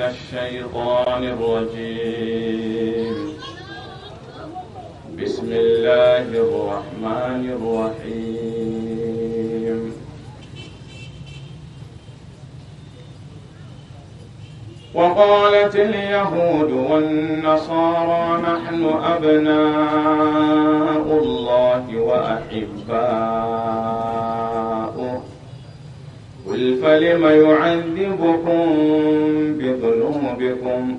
الشيطان الرجيم بسم الله الرحمن الرحيم وقالت اليهود والنصارى نحن أبناء الله وأحباؤه قل فلم يعذبكم بذنوبكم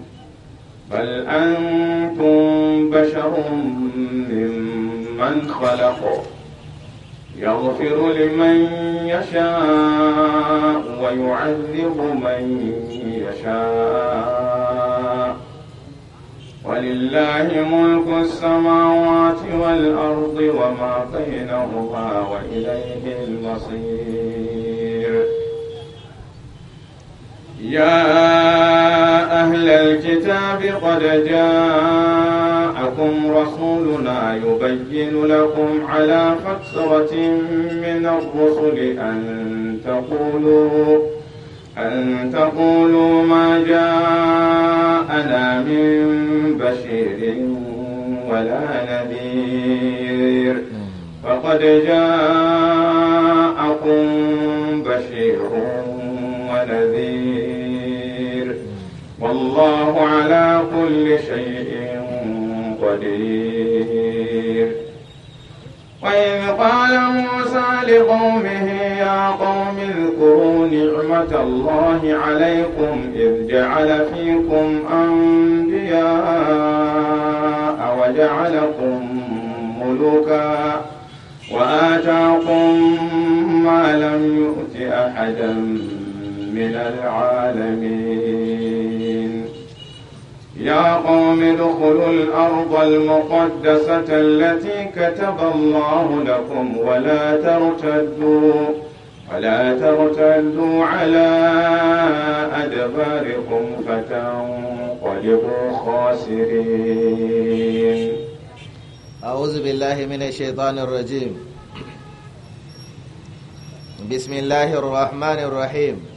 بل أنتم بشر ممن خلق يغفر لمن يشاء ويعذب من يشاء ولله ملك السماوات والأرض وما بينهما وإليه المصير يا أهل الكتاب قد جاءكم رسولنا يبين لكم على فترة من الرسل أن تقولوا أن تقولوا ما جاءنا من بشير ولا نذير فقد جاءكم بشير ونذير والله على كل شيء قدير وإذ قال موسى لقومه يا قوم اذكروا نعمة الله عليكم إذ جعل فيكم أنبياء وجعلكم ملوكا وآتاكم ما لم يؤت أحدا من العالمين يا قوم ادخلوا الأرض المقدسة التي كتب الله لكم ولا ترتدوا ولا ترتدوا على أدباركم فتنقلبوا خاسرين أعوذ بالله من الشيطان الرجيم بسم الله الرحمن الرحيم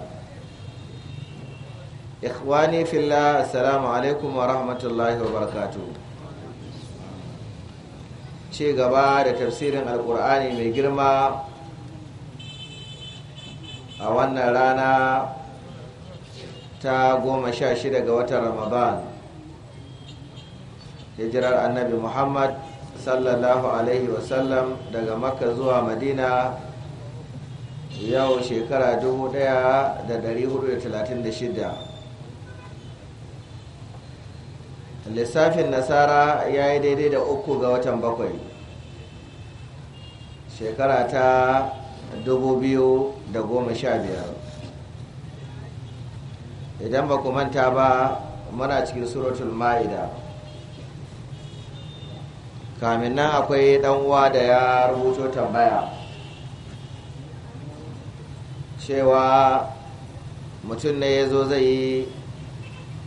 ikhwani fillah assalamu alaikum ce gaba da tafsirin alkur'ani mai girma a wannan rana ta goma sha shida ga watan ramadan hijirar annabi muhammad sallallahu alaihi wasallam daga makka zuwa madina yau shekara shida. lissafin nasara ya yi daidai da uku ga watan bakwai shekara ta biyar. idan ba ku manta ba muna cikin suratul ma'ida kamin nan akwai uwa da ya rubuto tambaya cewa mutum ne ya zo zai yi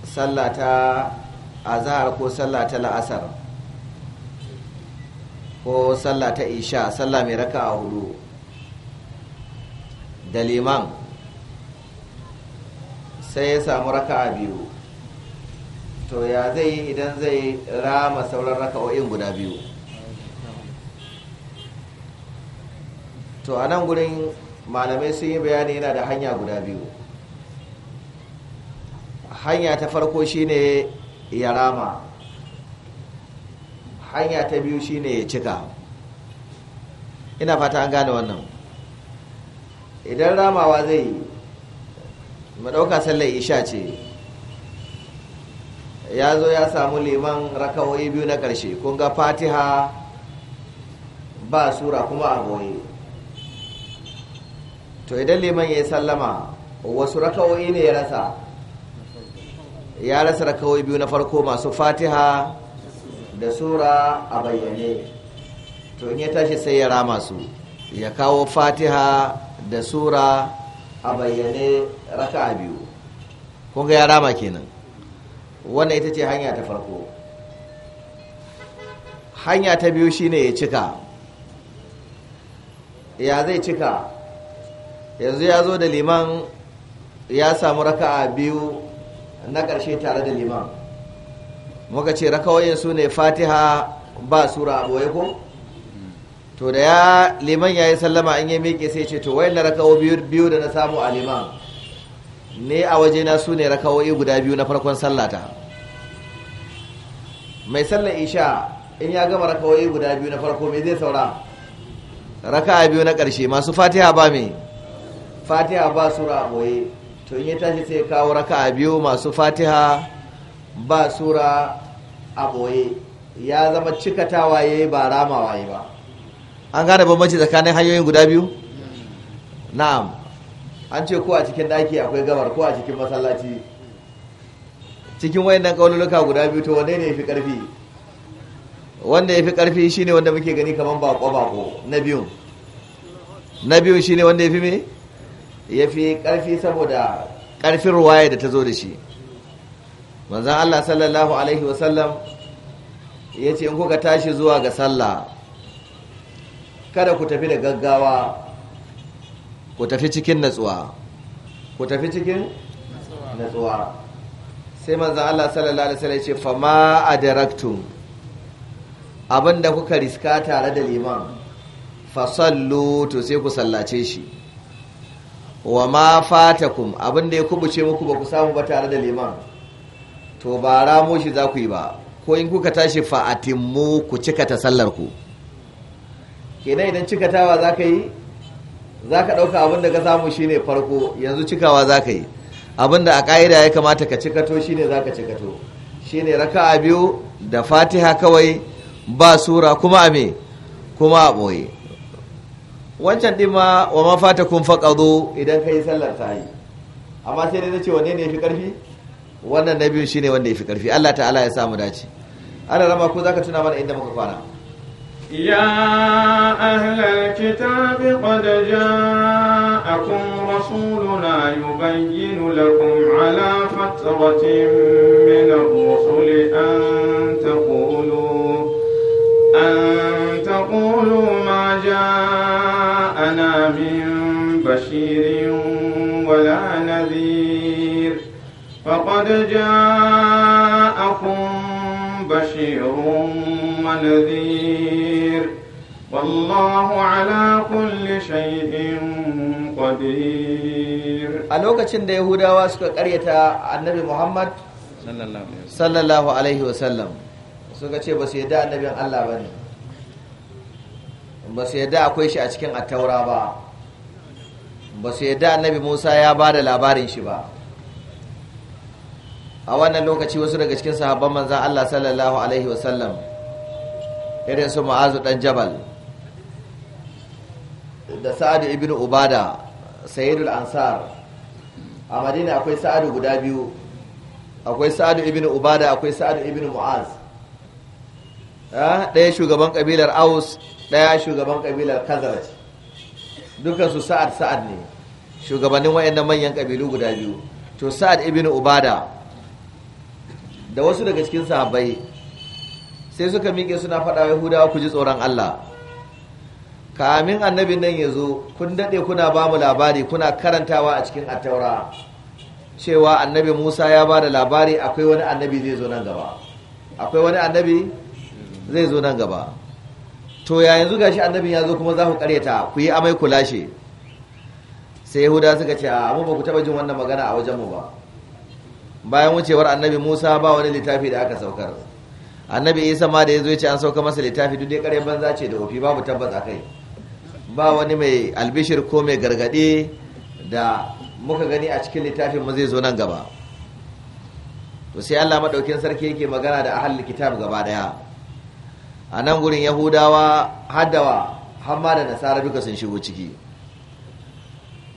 sallata azahar ko sallah ta la'asar ko sallah ta isha sallah mai raka a hudu da liman sai ya samu raka a biyu to ya zai yi idan zai rama sauran raka'o'in guda biyu to a nan gudun malamai sun yi bayani yana da hanya guda biyu hanya ta farko shine ya rama hanya ta biyu shine ya cika ina fata an gane wannan idan ramawa zai yi madauka sallar isha ce ya zo ya samu liman raka'o'i biyu na ƙarshe kun ga fatiha ba sura kuma a goye to idan liman ya yi sallama wasu raka'o'i ne ya rasa ya rasa kawai biyu na farko masu fatiha da sura a bayyane to in ya tashi sai ya rama su ya kawo fatiha da sura a bayyane raka biyu kunga ya rama kenan wannan ita ce hanya ta farko hanya ta biyu shine ya cika ya zai cika yanzu ya zo da liman ya samu raka'a biyu na ƙarshe tare da liman muka ce rakawoyin su ne fatiha ba sura a ko to da ya liman ya yi sallama an yi miƙe sai ce to wayan na rakawo biyu da na samu a liman ne a na su ne rakawoyi guda biyu na farkon sallata mai sallar isha in ya gama rakawoyi guda biyu na farko mai zai saura raka biyu na ƙarshe masu fatiha ba mai fatiha ba sura a ɓoye to in ya tashi sai kawo raka a biyu masu fatiha ba sura a boye ya zama cikata waye ba rama waye ba an gane bambanci tsakanin hanyoyin guda biyu na'am an ce ko a cikin daki akwai gabar ko a cikin masallaci cikin wayannan kaululuka guda biyu to wanne ne fi karfi wanda ya fi karfi shine wanda muke gani kaman bako bako na biyun na biyun shine wanda ya fi me ya fi ƙarfi saboda ƙarfin ruwaya da ta zo da shi manzan Allah sallallahu Alaihi wasallam ya ce in kuka tashi zuwa ga sallah kada ku tafi da gaggawa ku tafi cikin natsuwa ku tafi cikin natsuwa sai manzan Allah sallallahu Alaihi wasallam ya ce fama a daraktun abinda kuka riska tare da liman fasallu to sai ku sallace shi wa ma fatakum abin da ya kubuce muku ba ku samu ba tare da liman to ba ramo shi za ku yi ba ko in kuka tashi fa'atimmu ku cika ta sallar ku kenan idan cikatawa za ka yi za ka ɗauka abin ka samu shine farko yanzu cikawa za ka yi abinda a ƙa'ida ya kamata ka cikato shine za ka cikato shine raka'a biyu da fatiha kawai ba sura kuma a me kuma a ɓoye wancan ɗin ma wa ma fata kun zo idan ka yi sallar ta yi amma sai dai zace wanne ne ya fi ƙarfi. wannan na biyu shine wanda ya fi ƙarfi. Allah ta'ala ya samu dace ana rama ko zaka tuna mana inda muka kwana يا أهل الكتاب قد جاءكم رسولنا يبين لكم على فترة من الرسل أن تقولوا أن تقولوا ما من بشير ولا نذير فقد جاءكم بشير ونذير والله على كل شيء قدير a lokacin da yahudawa suka karyata annabi muhammad sallallahu alaihi wasallam suka ce ba su yadda annabin allah ba ne ba su yadda akwai shi a cikin attaura ba ba su yadda annabi musa ya ba da labarin shi ba a wannan lokaci wasu daga cikin sahabban manzan allah sallallahu alaihi wasallam irin su ma'azu dan jabal da sa'adu ibn ubada sayyidul ansar a madina akwai sa'adu guda biyu akwai sa'adu ibn ubada akwai sa'adu ibn mu'az ah, ɗaya shugaban kabilar aus ɗaya shugaban ƙabilar kazaraj dukansu sa'ad sa'ad ne shugabannin waɗannan manyan kabilu guda biyu to sa'ad ibn ubada da wasu daga cikin sahabbai sai suka miƙe suna faɗa yahudawa ku ji tsoron allah kamin annabin nan ya zo kun daɗe kuna ba mu labari kuna karantawa a cikin attaura cewa annabi musa ya ba da labari akwai wani akwai wani annabi zai zo nan gaba to ya yanzu gashi annabin ya zo kuma za ku karyata ku yi amai ku lashe sai yahuda suka ce a mu ba ku taba jin wannan magana a wajen mu ba bayan wucewar annabi musa ba wani littafi da aka saukar annabi isa ma da ya zo ya ce an sauka masa littafi duk dai kare banza ce da ofi babu tabbas a kai ba wani mai albishir ko mai gargaɗe da muka gani a cikin littafin mu zai zo nan gaba to sai allah maɗaukin sarki yake magana da ahal kitab gaba ɗaya a nan gurin yahudawa haddawa hamma da nasara duka sun shigo ciki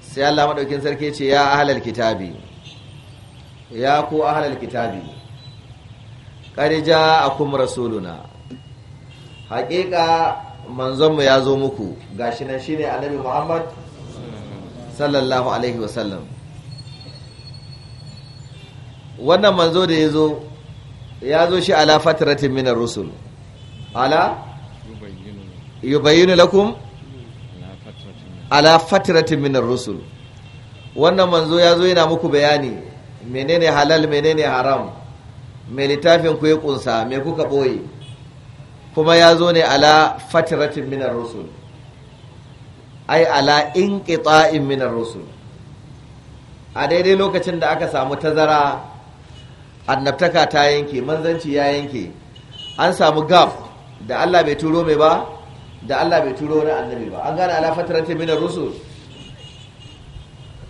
sai Allah maɗaukin sarki ce ya ahlal kitabi ya ku ahlal kitabi qad ja'akum rasuluna haƙiƙa manzonmu ya zo muku gashi nan shine annabi Muhammad sallallahu alaihi wasallam wannan manzo da ya zo ya zo shi ala fatratin minar rusul ala yubayyinu lakum ala fatratin minar rusul wannan manzo ya zo yana muku bayani menene halal menene haram mai littafin ku ya kunsa mai kuka boye kuma ya zo ne ala fatratin minar rusul ai ala in minar rusul a daidai lokacin da aka samu tazara annabtaka ta yanke manzanci ya yanke an samu gab da Allah bai turo mai ba da Allah bai turo wani annabi ba an gane ala fatarati min ar-rusul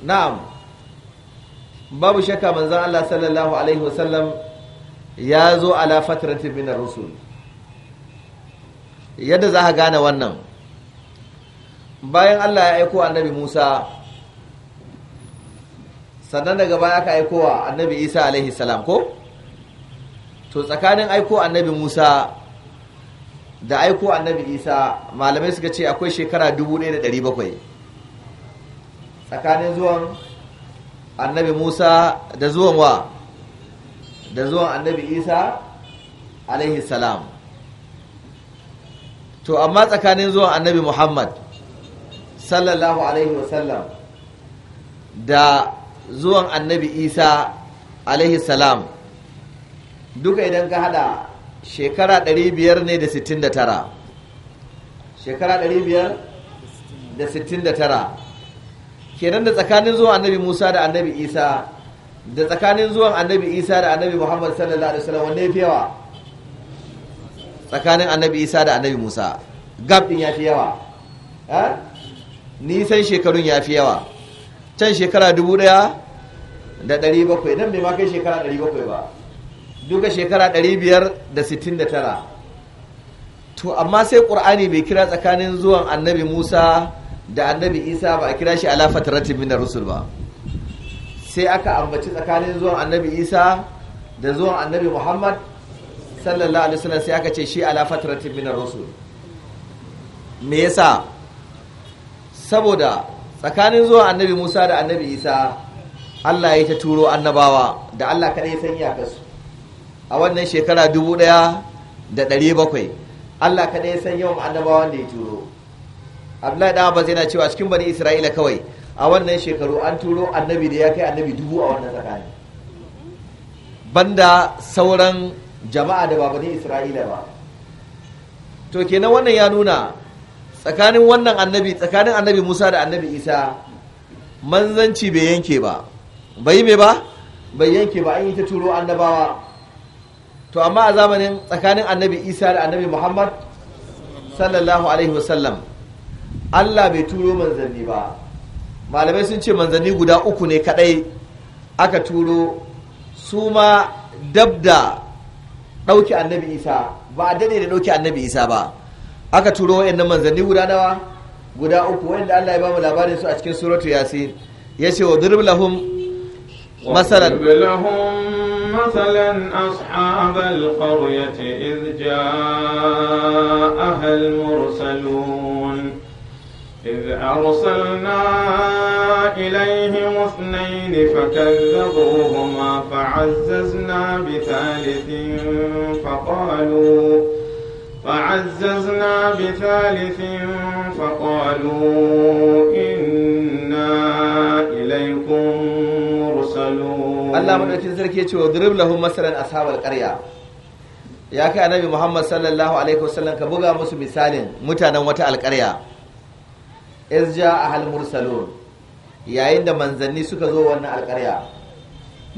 na'am babu shakka manzon Allah sallallahu alaihi wasallam ya zo ala fatarati min ar-rusul yadda za ka gane wannan bayan Allah ya aiko annabi Musa sannan daga baya aka aiko wa annabi Isa alaihi salam ko to tsakanin aiko annabi Musa da aiko annabi isa malamai suka ce akwai shekara 1700 tsakanin zuwan annabi musa da zuwan wa da zuwan annabi isa alaihi salam to amma tsakanin zuwan annabi muhammad sallallahu alaihi wasallam da zuwan annabi isa alaihi salam duka idan ka hada shekara 569 shekara 569 kenan da tsakanin zuwan annabi musa da annabi isa da tsakanin zuwan annabi isa da annabi muhammad sallallahu alaihi wasallam wanne ya fi yawa tsakanin annabi isa da annabi musa gab din ya fi yawa nisan shekarun ya fi yawa can shekara dubu da ɗari bakwai nan bai ma kai shekara ɗari bakwai ba duka shekara 569 to amma sai ƙur'ani bai kira tsakanin zuwan annabi musa da annabi isa ba a kira shi ala fataratin min rusul ba sai aka ambaci tsakanin zuwan annabi isa da zuwan annabi muhammad sallallahu alaihi wasallam sai aka ce shi ala fataratin min rusul me yasa saboda tsakanin zuwan annabi musa da annabi isa allah ya ta turo annabawa da allah kaɗai ya san iyakarsu a wannan shekara dubu ɗaya da ɗari bakwai Allah kaɗai ya san yawan annabawan da ya turo Abdullahi da Abbas yana cewa cikin bani Isra'ila kawai a wannan shekaru an turo annabi da ya kai annabi dubu a wannan tsakani banda sauran jama'a da ba bani Isra'ila ba to kenan wannan ya nuna tsakanin wannan annabi tsakanin annabi Musa da annabi Isa manzanci bai yanke ba bai me ba bai yanke ba an yi ta turo annabawa to amma a zamanin tsakanin annabi isa da annabi muhammad sallallahu alaihi wasallam allah bai turo manzanni ba malamai sun ce manzanni guda uku ne kadai aka turo su ma dab da ɗauki annabi isa ba a daɗe da ɗauki annabi isa ba aka turo wa'annan manzanni guda nawa guda uku wa'anda allah ya ba mu labarin su a cikin suratu yasin ya ce wa durbulahum masarar مثلا أصحاب القرية إذ جاءها المرسلون إذ أرسلنا إليهم اثنين فكذبوهما فعززنا بثالث فقالوا فعززنا بثالث فقالوا إنا إليكم مرسلون Allah madaukakin sarki ya wa durib lahum masalan ashabal qarya ya kai annabi Muhammad sallallahu alaihi wasallam ka buga musu misalin mutanen wata alqarya izja ahal mursalun yayin da manzanni suka zo wannan alqarya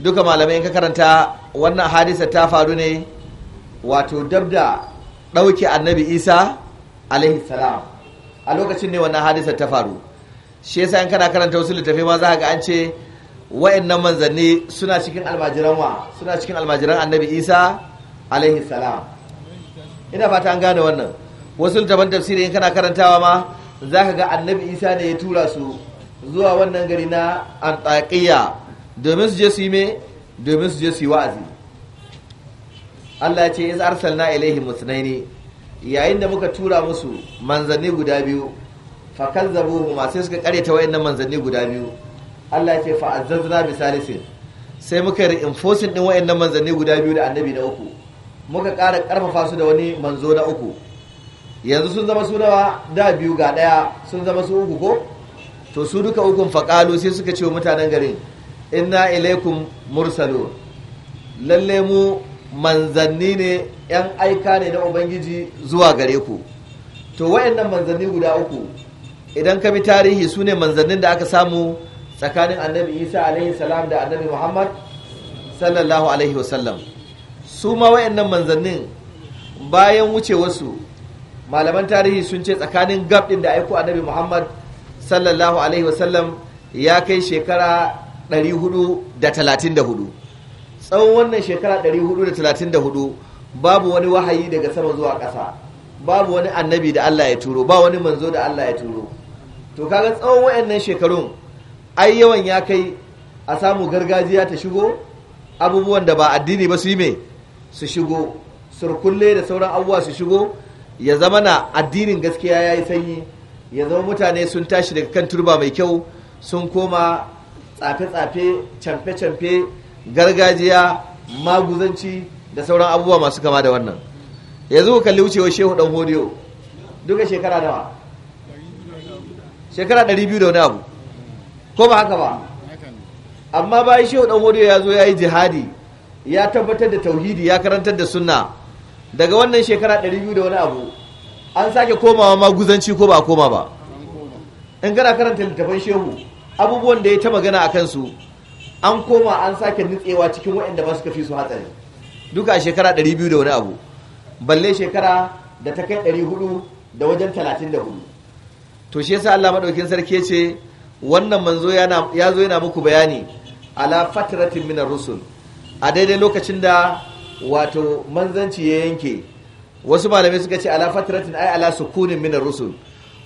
duka malamai in ka karanta wannan hadisa ta faru ne wato dabda ɗauke annabi Isa alaihi salam a lokacin ne wannan hadisa ta faru shi yasa in kana karanta wasu littafai ma za ka ga an ce wa'annan manzanni suna cikin almajiran wa suna cikin almajiran annabi isa alaihi salam ina fata an gane wannan wasu littafin tafsiri in kana karantawa ma za ka ga annabi isa ne ya tura su zuwa wannan gari na antakiya domin su je su yi me domin su je su yi wa'azi Allah ya ce iz arsalna ilaihim musnaini yayin da muka tura musu manzanni guda biyu fakazzabuhuma sai suka kare ta nan manzanni guda biyu Allah ya ce fa'azzazna bi salisin sai muka yi reinforcing din wayannan manzanni guda biyu da annabi na uku muka ƙara ƙarfafa su da wani manzo na uku yanzu sun zama su da biyu ga ɗaya sun zama su uku ko to su duka ukun faqalu sai suka ce wa mutanen garin inna ilaikum Mursalu'. lalle mu manzanni ne yan aika ne na ubangiji zuwa gare ku to wayannan manzanni guda uku idan ka bi tarihi su ne manzannin da aka samu tsakanin annabi isa alaihi salam da annabi muhammad sallallahu alaihi wasallam su ma wayannan manzannin bayan wasu malaman tarihi sun ce tsakanin gab din da aiko annabi muhammad sallallahu alaihi wasallam ya kai shekara 434 tsawon wannan shekara 434 babu wani wahayi daga sama zuwa ƙasa babu wani annabi da Allah ya turo ba wani manzo da Allah ya turo to kaga tsawon wayannan shekarun ai yawan ya kai a samu gargajiya ta shigo abubuwan da ba addini ba su yi mai su shigo surkulle da sauran abubuwa su shigo ya zama na addinin gaskiya ya yi sanyi ya zama mutane sun tashi daga kan turba mai kyau sun koma tsafe-tsafe camfe-camfe gargajiya maguzanci da sauran abubuwa masu kama da wannan yanzu ku kalli wucewa shehu dan hodiyo duka shekara wa. shekara 200 da wani abu ko ba haka ba amma bayan shehu ɗan hodiyo ya zo ya yi jihadi ya tabbatar da tauhidi ya karantar da sunna daga wannan shekara 200 da wani abu an sake komawa ma maguzanci ko ba koma ba in kana karanta littafan shehu abubuwan da ya ta magana a kansu an koma an sake nutsewa cikin waɗanda ba su kafi su hatsari duka a shekara 200 da wani abu balle shekara da ta kai 400 da wajen talatin 34 to shi yasa Allah madaukin sarki ce wannan manzo ya zo yana muku bayani ala fatratin minar rusul a daidai lokacin da wato manzanci ya yanke wasu malamai suka ce ala fatratin ai ala sukunin minar rusul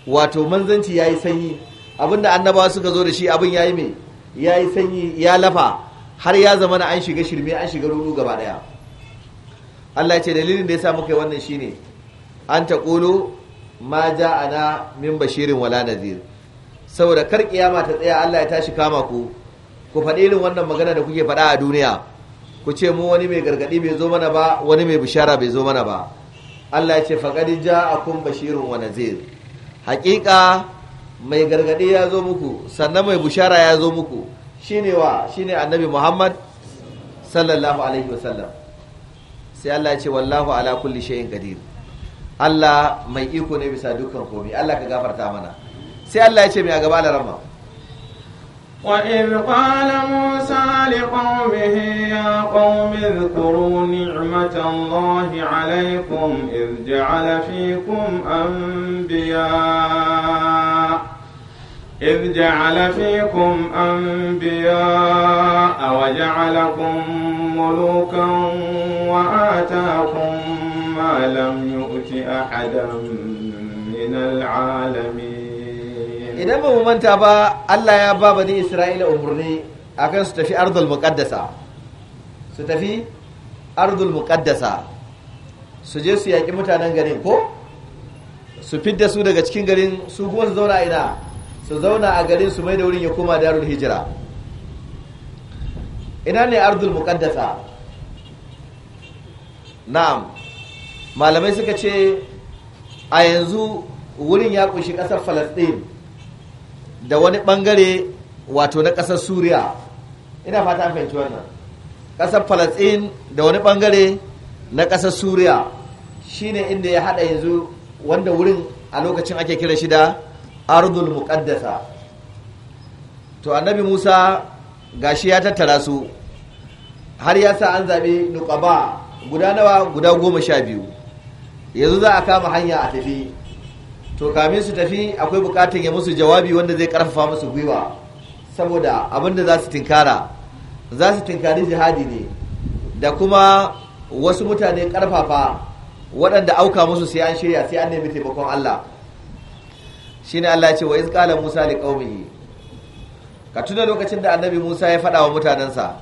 wato manzanci ya yi sanyi abinda annabawa suka zo da shi abin ya yi ya yi sanyi ya lafa har ya zama na an shiga shirme an shiga ruru gaba daya Allah ce dalilin da ya sa muka yi wannan shine an taƙolo ma ja'ana min bashirin wala nadir. saboda kar kiyama ta tsaya Allah ya tashi kama ku ku faɗi irin wannan magana da kuke faɗa a duniya ku ce mu wani mai gargaɗi bai zo mana ba wani mai bishara bai zo mana ba Allah ya ce a ja'akum bashirun wa nazir haƙiƙa mai gargaɗi ya zo muku sannan mai bishara ya zo muku shine wa shine annabi Muhammad sallallahu alaihi wasallam sai Allah ya ce wallahu ala kulli shay'in qadir Allah mai iko ne bisa dukkan komai Allah ka gafarta mana sai Allah ya ce mai a gaba وإذ قال موسى لقومه يا قوم اذكروا نعمة الله عليكم إذ جعل فيكم أنبياء إذ جعل فيكم أنبياء وجعلكم ملوكا وآتاكم ما لم يؤت أحدا من العالمين idan ba mu manta ba Allah ya ba bani Isra'ila umurni akan su tafi ardul muqaddasa su tafi ardul muqaddasa su je su yaki mutanen garin ko su fidda su daga cikin garin su kuma su zauna ina su zauna a garin su mai da wurin ya koma darul hijira ina ne ardul muqaddasa na'am malamai suka ce a yanzu wurin ya kunshi kasar Falasɗin da wani bangare wato na kasar suriya ina fata fahimci wannan kasar da wani bangare na ƙasar suriya shine inda ya haɗa yanzu wanda wurin a lokacin ake kira shida, da ardul muqaddasa to annabi musa gashi ya tattara su har ya sa an zaɓi nuƙaba guda nawa guda goma sha biyu yanzu za a kama hanya a tafi to kamin su tafi akwai bukatar ya musu jawabi wanda zai karfafa musu gwiwa saboda abinda za su tinkara za su tinkari jihadi ne da kuma wasu mutane karfafa waɗanda auka musu sai an shirya sai an nemi taimakon Allah shi ne Allah ya ce wa iz Musa liqaumihi ka tuna lokacin da annabi Musa ya faɗa wa mutanensa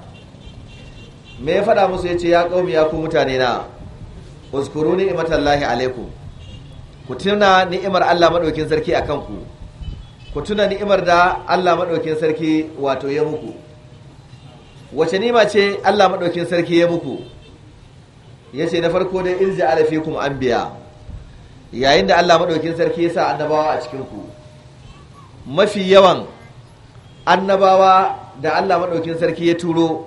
me ya faɗa musu ya ce ya ƙaumi ya ku mutane na ne imatallahi alaikum ku tuna ni'imar Allah maɗaukin sarki a kanku. ku tuna ni'imar da Allah maɗaukin sarki wato ya muku wace nima ce Allah maɗaukin sarki ya muku ce na farko dai alafi kuma an biya. yayin da Allah maɗaukin sarki ya sa annabawa a cikinku. mafi yawan annabawa da Allah maɗaukin sarki ya turo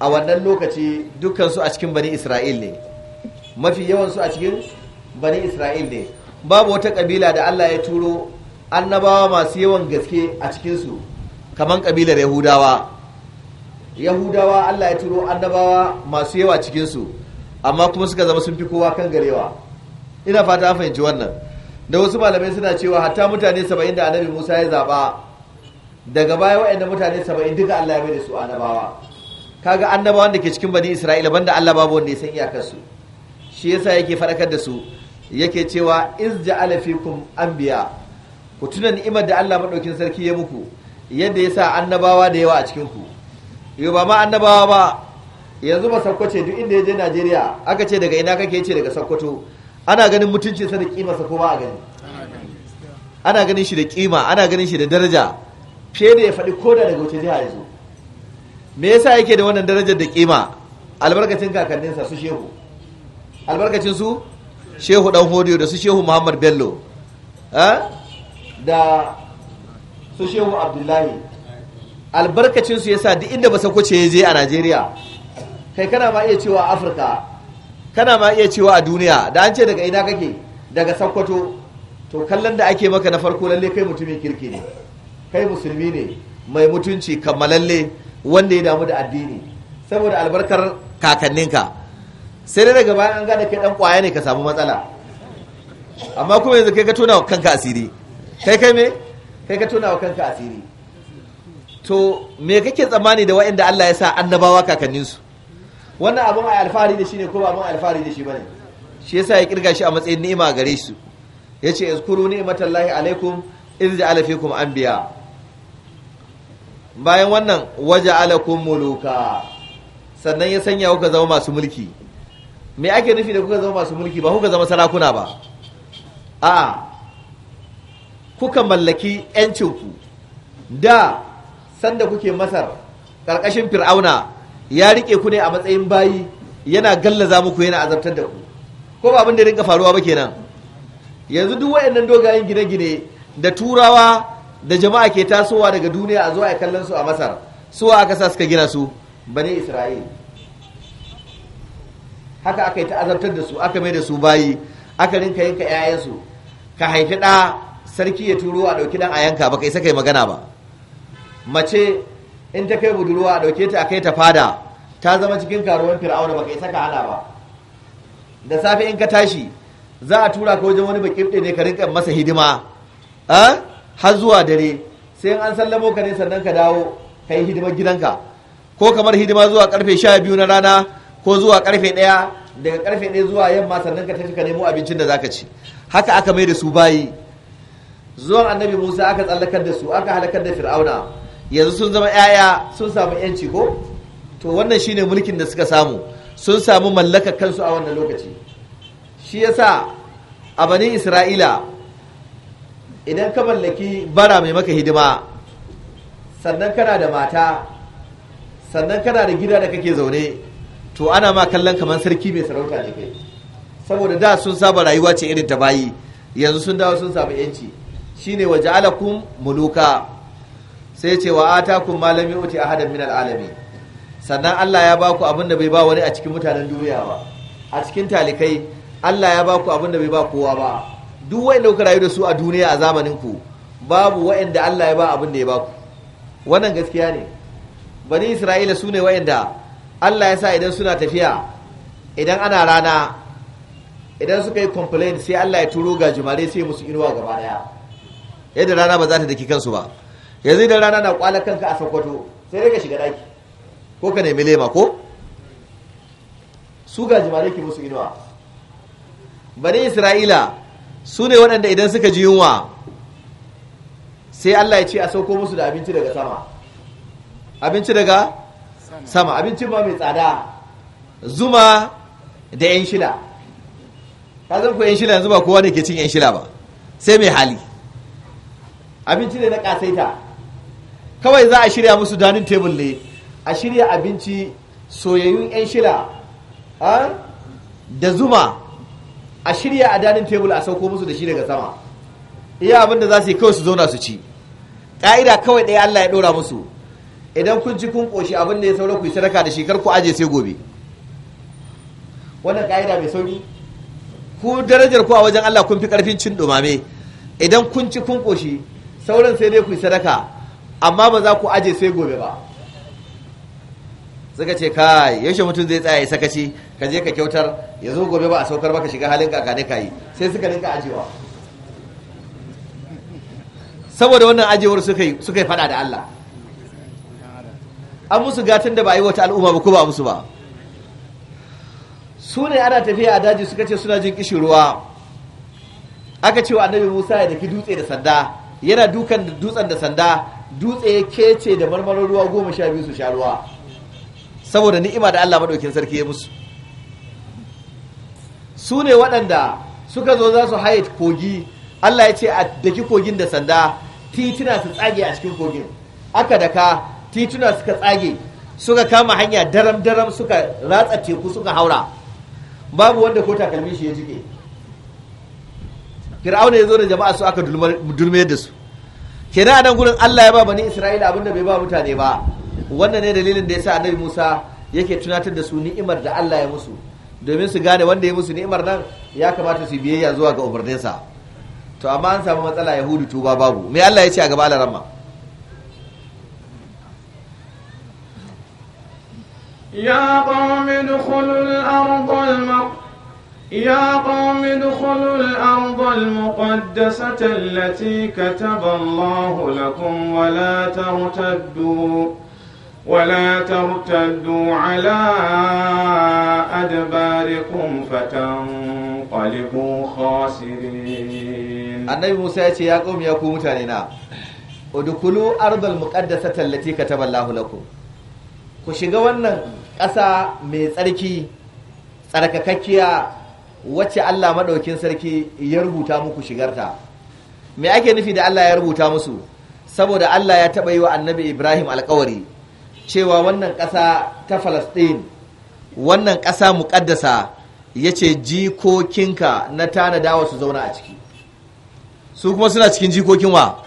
a wannan lokaci dukansu a cikin bani Isra'il ne mafi yawansu a cikin bani isra'il ne babu wata kabila da Allah ya turo annabawa masu yawan gaske a cikinsu kamar kabilar yahudawa yahudawa Allah ya turo annabawa masu yawa cikinsu amma kuma suka zama sun fi kowa kan garewa ina fata an fahimci wannan da wasu malamai suna cewa hatta mutane saba'in da annabi musa ya zaɓa daga baya wa'anda mutane saba'in duka Allah ya mai da su annabawa kaga annabawan da ke cikin bani isra'ila banda Allah babu wanda ya san iyakarsu shi yasa yake faɗakar da su yake cewa iz ja'ala fikum anbiya ku tuna ni'imar da Allah madaukin sarki ya muku yadda ya sa annabawa da yawa a cikin ku yo ba ma annabawa ba yanzu ba sakkwace duk inda ya je Najeriya aka ce daga ina kake ce daga sakwato ana ganin mutuncin sa da kima sa ko a gani ana ganin shi da kima ana ganin shi da daraja fiye da ya faɗi koda daga wace jiha ya me yasa yake da wannan darajar da kima albarkacin kakanninsa su shehu albarkacin su shehu dan hodiyo da su shehu muhammad bello da su shehu abdullahi albarkacinsu ya sa duk inda ba sakwace ya je a najeriya kai kana ma iya cewa afirka kana ma iya cewa a duniya da an ce daga ina kake daga sakkwato to kallon da ake maka na farko lalle kai mutumin kirki ne kai musulmi ne mai mutunci kammalalle wanda ya damu da addini saboda albarkar kakanninka sai dai daga bayan an gane kai dan kwaya ne ka samu matsala amma kuma yanzu kai ka tona wa kanka asiri kai kai me kai ka tona wa kanka asiri to me kake tsammani da waɗanda Allah ya sa annabawa kakannin su wannan abun ai alfahari da shi ne ko ba abun alfahari da shi bane shi yasa ya kirga shi a matsayin ni'ima gare su yace izkuru ni'matallahi alaikum iz ja'ala fikum anbiya bayan wannan waja'alakum muluka sannan ya sanya kuka zama masu mulki me ake nufi da kuka zama masu mulki ba kuka zama sarakuna ba a kuka mallaki yancinku da sanda kuke masar ƙarƙashin fir'auna ya rike ku ne a matsayin bayi yana gallaza muku yana azabtar da ku ko ba abin da rinka faruwa ba kenan yanzu duk wayannan dogayen gine-gine da turawa da jama'a ke tasowa daga duniya a zuwa ya kallon su a masar suwa aka sa suka gina su bani isra'ila haka aka yi azabtar da su aka mai da su bayi aka rinka yinka 'ya'yansu ka haifi ɗa sarki ya turo a ɗauki ɗan a yanka ba kai saka yi magana ba mace in ta kai budurwa a ɗauke ta a kai ta fada ta zama cikin karuwan fir'auna ba kai saka hana ba da safe in ka tashi za a tura ka wajen wani bakirɗe ne ka rinka masa hidima har zuwa dare sai an sallamo ka ne sannan ka dawo ka yi hidimar gidanka ko kamar hidima zuwa karfe sha biyu na rana ko zuwa karfe ɗaya daga karfe ɗaya zuwa yamma sannan ka tafi ka nemo abincin da zaka ci haka aka mai da su bayi zuwan annabi musa aka tsallakar da su aka halakar da fir'auna yanzu sun zama 'ya'ya sun samu 'yanci ko to wannan shine mulkin da suka samu sun samu mallaka kansu a wannan lokaci shi yasa a bani isra'ila idan ka mallaki bara mai maka hidima sannan kana da mata sannan kana da gida da kake zaune to ana ma kallon kamar sarki mai sarauta ne kai saboda da sun saba rayuwa ce irin ta bayi yanzu sun dawo sun samu yanci shine wa ja'alakum muluka sai ce wa atakum ma lam yu'ti ahadan min al'alamin sannan Allah ya baku abin da bai ba wani a cikin mutanen duniya ba a cikin talikai Allah ya baku abin da bai ba kowa ba duk wanda kuka rayu da su a duniya a zamanin ku babu wanda Allah ya ba abin da ya baku wannan gaskiya ne bani Isra'ila su ne Allah ya sa idan suna tafiya idan ana rana idan suka yi complain sai Allah ya turo ga jumare sai musu inuwa gaba daya yadda rana ba za ta daki kansu ba yanzu idan rana na kwala kanka a sakwato sai daga shiga daki ko ka nemi lema ko su ga jumare ke musu inuwa bani isra'ila su ne waɗanda idan suka ji yunwa sai Allah ya ce a sauko musu da abinci daga sama abinci daga sama abincin ba mai tsada zuma da yan shila ka zan ku yan shila yanzu kowa ne ke cin yan shila ba sai mai hali abinci ne na kasaita kawai za a shirya musu danin tebul ne a shirya abinci soyayyun yan shila da zuma a shirya a danin tebul a sauko musu da shi daga sama iya abin da za su yi kawai su zauna su ci ƙa'ida kawai ɗaya Allah ya ɗora musu idan kun ji kun koshi abin da ya saura ku yi sadaka da shekar ku aje sai gobe wannan ka'ida mai sauri ku darajar ku a wajen Allah kun fi karfin cin dumame idan kun ci kun koshi sauran sai dai ku yi sadaka amma ba za ku aje sai gobe ba suka ce kai yaushe mutum zai tsaya ya sakaci ka je ka kyautar ya zo gobe ba a saukar ba shiga halin kakane ka yi sai suka rinka ajewa saboda wannan ajewar suka yi fada da Allah an musu gatan da ba a yi wata al'umma ba ko ba a musu ba su ne ana tafiya a daji suka ce suna jin kishin ruwa aka ce wa annabi musa ya daki dutse da sanda yana dukan dutsen da sanda dutse ya kece da marmarin ruwa goma sha biyu su sha ruwa saboda ni'ima da allah maɗaukin sarki ya musu su ne waɗanda suka zo za su haye kogi allah ya ce a daki kogin da sanda titina su tsage a cikin kogin aka daka tituna suka tsage suka kama hanya daram-daram suka ratsa teku suka haura babu wanda ko takalmi shi ya jike fir'auna ya zo da jama'a su aka dulme da su kenan a nan gurin Allah ya ba bani Isra'ila abinda bai ba mutane ba wannan ne dalilin da yasa Annabi Musa yake tunatar da su ni'imar da Allah ya musu domin su gane wanda ya musu ni'imar nan ya kamata su ya zuwa ga umarninsa to amma an samu matsala yahudu ba babu me Allah ya ce a gaba alaramma يا قوم ادخلوا الأرض المقدسة يا قوم ادخلوا الأرض المقدسة التي كتب الله لكم ولا ترتدوا ولا ترتدوا على أدباركم فتنقلبوا خاسرين النبي موسى يا قوم يا قوم تانينا ادخلوا أرض المقدسة التي كتب الله لكم ku shiga ƙasa mai tsarki tsarkakakkiya wacce Allah maɗaukin sarki ya rubuta muku shigarta me ake nufi da Allah ya rubuta musu saboda Allah ya taɓa yi wa annabi Ibrahim alkawari cewa wannan ƙasa ta Falasɗin wannan ƙasa muƙaddasa ya ce jikokinka na tanadawa su zauna a ciki su kuma suna cikin jikokin wa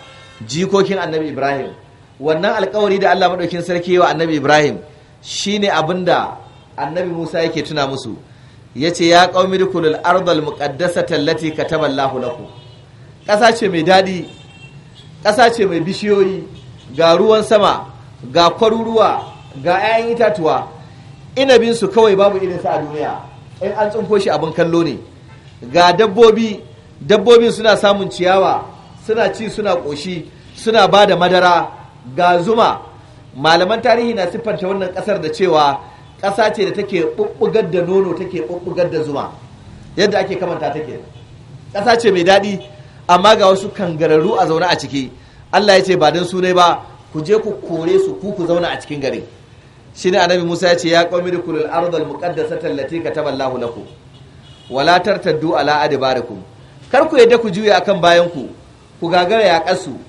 jikokin annabi Ibrahim wannan alkawari da Allah maɗaukin sarki wa annabi Ibrahim shine da annabi Musa yake tuna musu yace ya qaumi ya ardal muqaddasata allati kataba Allahu lakum ƙasa ce mai daɗi ƙasa ce mai bishiyoyi ga ruwan sama ga kwaruruwa ga 'ya'yan itatuwa su kawai babu irin su a duniya in an tsinko shi abin kallo ne ga dabbobi dabbobin suna samun ciyawa suna ci suna ƙoshi suna ba da madara ga zuma malaman tarihi na siffanta wannan ƙasar da cewa kasa ce da take bubbugar da nono take bubbugar da zuma yadda ake kamanta take ƙasa ce mai daɗi amma ga wasu kangararru a zaune a ciki allah ya ce ba don sunai ba ku je ku kore su ku ku zauna a cikin garin shi ne annabi musa ya ce ya ƙwami da kulul arzal muƙaddasa tallati ka taɓa lahu lakum wala tartaddu ala adbarikum kar ku yadda ku juya akan bayan ku ku gagara ya kasu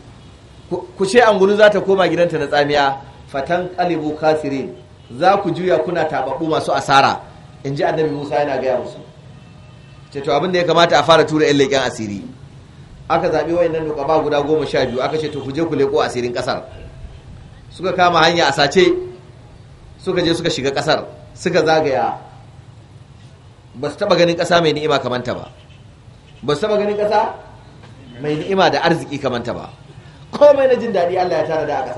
ku ce angulu za ta koma gidanta na tsamiya fatan kalibu Kasirin, za ku juya kuna tababbu masu asara inji annabi Musa yana gaya musu ce to abin da ya kamata a fara tura yan leƙen asiri aka zaɓi doka ba guda goma sha biyu aka ce to ku je ku leƙo asirin ƙasar suka kama hanya a sace suka je suka shiga ƙasar suka zagaya ba su taɓa ganin ƙasa mai ni'ima kamanta ba ba su taɓa ganin ƙasa mai ni'ima da arziki kamanta ba komai na jin daɗi Allah ya tara da a ƙasa